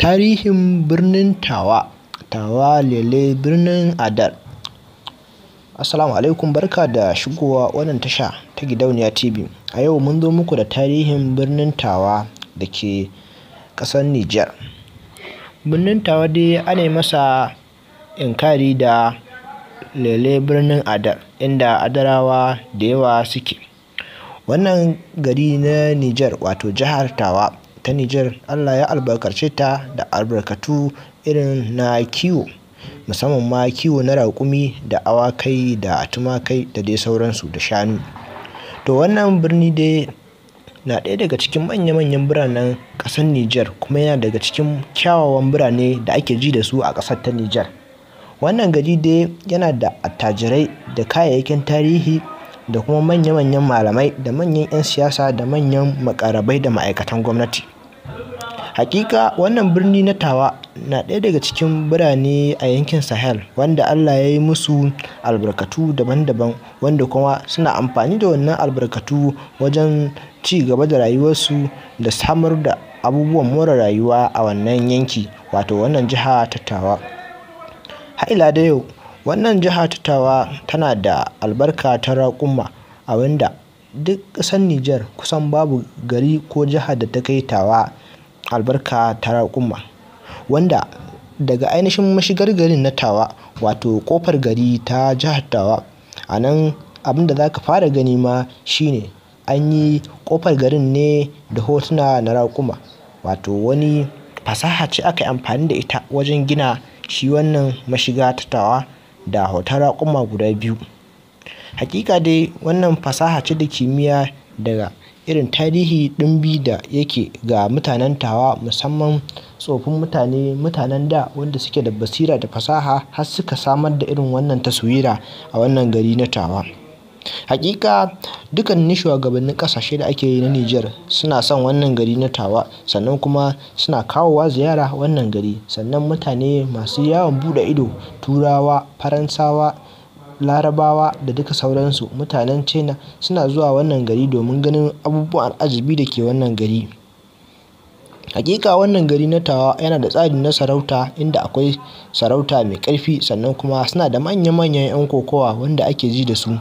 Tarihin birnin Tawa, Tawa Lele birnin Adar. Assalamu alaikum barka da shigowa wannan tasha ta gidauniya TV. A yau mun zo muku da tarihin birnin Tawa da ke ƙasar Nijar. Birnin Tawa dai ana masa inkari da Lele birnin Adar, inda Adarawa da yawa suke. Wannan gari na Nijar wato jihar Tawa ta Nijar Allah ya albarkace ta da albarkatu irin na kiwo musamman ma kiwo na raƙumi da awakai da tumakai da dai sauransu da shanu to wannan birni dai na ɗaya daga cikin manya-manyan biranen ƙasar Nijar kuma yana daga cikin kyawawan birane da ake ji da su a ƙasar ta Nijar wannan gari dai yana da attajirai da kayayyakin tarihi da kuma manya-manyan malamai da manyan 'yan siyasa da manyan makarabai da ma'aikatan gwamnati Hakika wannan birni na Tawa na ɗaya daga cikin birane a yankin Sahel wanda Allah ya yi musu albarkatu daban-daban wanda kuma suna amfani da wannan albarkatu wajen ci gaba da rayuwarsu da samar da abubuwan more rayuwa a wannan yanki wato wannan jiha ta Tawa. haila da yau wannan jiha ta Tawa tana da albarka ta raƙuma a wanda duk ƙasar Nijar kusan babu gari ko jiha da ta kai Tawa. albarka ta raƙuma wanda daga ainihin mashigar garin na Tawa wato ƙofar gari ta jihar Tawa. A nan abin da za ka fara gani ma shine an yi ƙofar garin ne da hotuna na raƙuma wato wani fasaha ce aka yi amfani da ita wajen gina shi wannan mashiga ta Tawa da hoton raƙuma guda biyu. Hakika dai wannan fasaha ce da kimiyya daga irin tarihi ɗimbi da yake ga mutanen Tawa musamman tsofin mutane, mutanen da wanda suke da basira da fasaha har suka samar da irin wannan taswira a wannan gari na Tawa. Haƙiƙa dukkanin shugabannin ƙasashe da ake yi na Nijar suna son wannan gari na Tawa sannan kuma suna kawowa ziyara wannan gari sannan mutane masu yawon bude ido Turawa, Faransawa. Larabawa da duka sauransu. Mutanen China suna zuwa wannan gari domin ganin abubuwan ajibi da ke wannan gari. Hakika wannan gari na Tawa yana da tsari na sarauta inda akwai sarauta mai karfi sannan kuma suna da manya manyan 'yan kokowa wanda ake ji da su.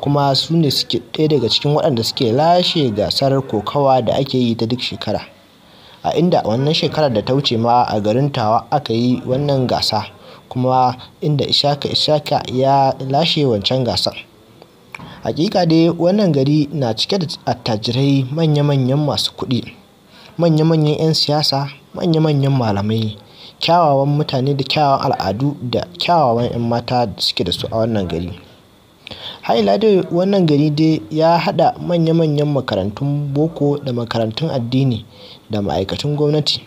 Kuma su ne suke ɗaya daga cikin waɗanda suke lashe gasar kokawa da ake yi ta duk shekara. A inda wannan shekarar da ta wuce ma a garin Tawa aka yi wannan gasa. kuma inda Ishaka Ishaka ya lashe wancan gasar. Hakika dai wannan gari na cike da attajirai, manya-manyan masu kuɗi, manya-manyan 'yan siyasa, manya-manyan malamai, kyawawan mutane da kyawawan al'adu da kyawawan 'yan mata da suke da su a wannan gari. Har ila wannan gari dai ya haɗa manya-manyan makarantun boko da makarantun addini da ma'aikatun gwamnati.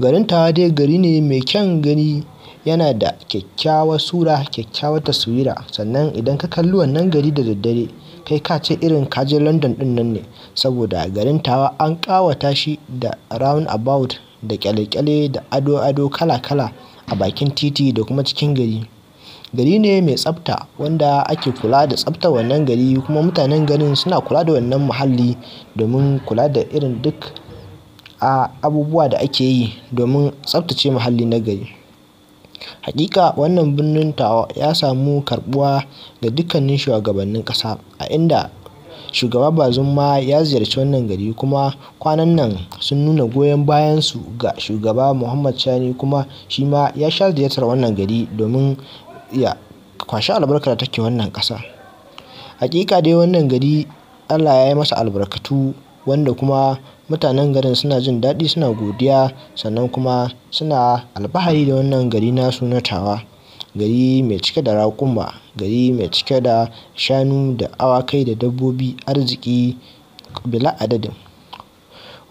Garin Tawa dai gari ne mai kyan gani yana da kyakkyawar sura, kyakkyawar taswira. Sannan idan ka kalli wannan gari da daddare kai ka ce irin kaje London din nan ne saboda garin tawa an ƙawata shi da about da ƙyale-ƙyale, da ado-ado kala kala a bakin titi da kuma cikin gari. Gari ne mai tsafta wanda ake kula da tsaftar wannan gari kuma mutanen garin suna kula da wannan muhalli domin kula da irin duk, a, abubuwa da ake yi domin tsaftace muhalli na gari. Haƙiƙa wannan birnin Tawa ya samu karbuwa ga dukkanin shugabannin ƙasa, a inda Shugaba Bazoum ma ya ziyarci wannan gari kuma kwanan nan sun nuna goyon bayansu ga Shugaba muhammad shani kuma shi ma ya sha ziyartar wannan gari domin ya kwashi albarkar take wannan ƙasa. Haƙiƙa dai wannan gari Allah ya yi masa albarkatu. wanda kuma mutanen garin suna jin daɗi suna godiya sannan kuma suna alfahari da wannan gari nasu na Tawa. Gari mai cike da raƙuma, gari mai cike da shanu da awakai da dabbobi, arziki bila adadin.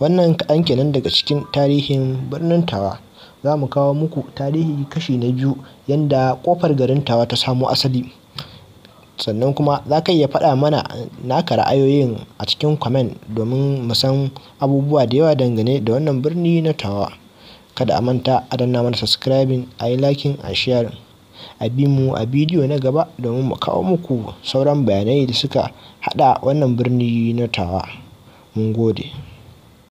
Wannan an kenan daga cikin tarihin birnin Tawa. Za mu kawo muku tarihi kashi na biyu yanda ƙofar garin Tawa ta samo asali. Sannan kuma za ka iya faɗa mana naka ra'ayoyin a cikin kwamen domin mu san abubuwa da yawa dangane da wannan birni na Tawa. Kada a manta a danna mana subscribing, a yi liking, a share A bi mu a bidiyo na gaba domin mu kawo muku sauran bayanai da suka haɗa wannan birni na Tawa. Mun gode.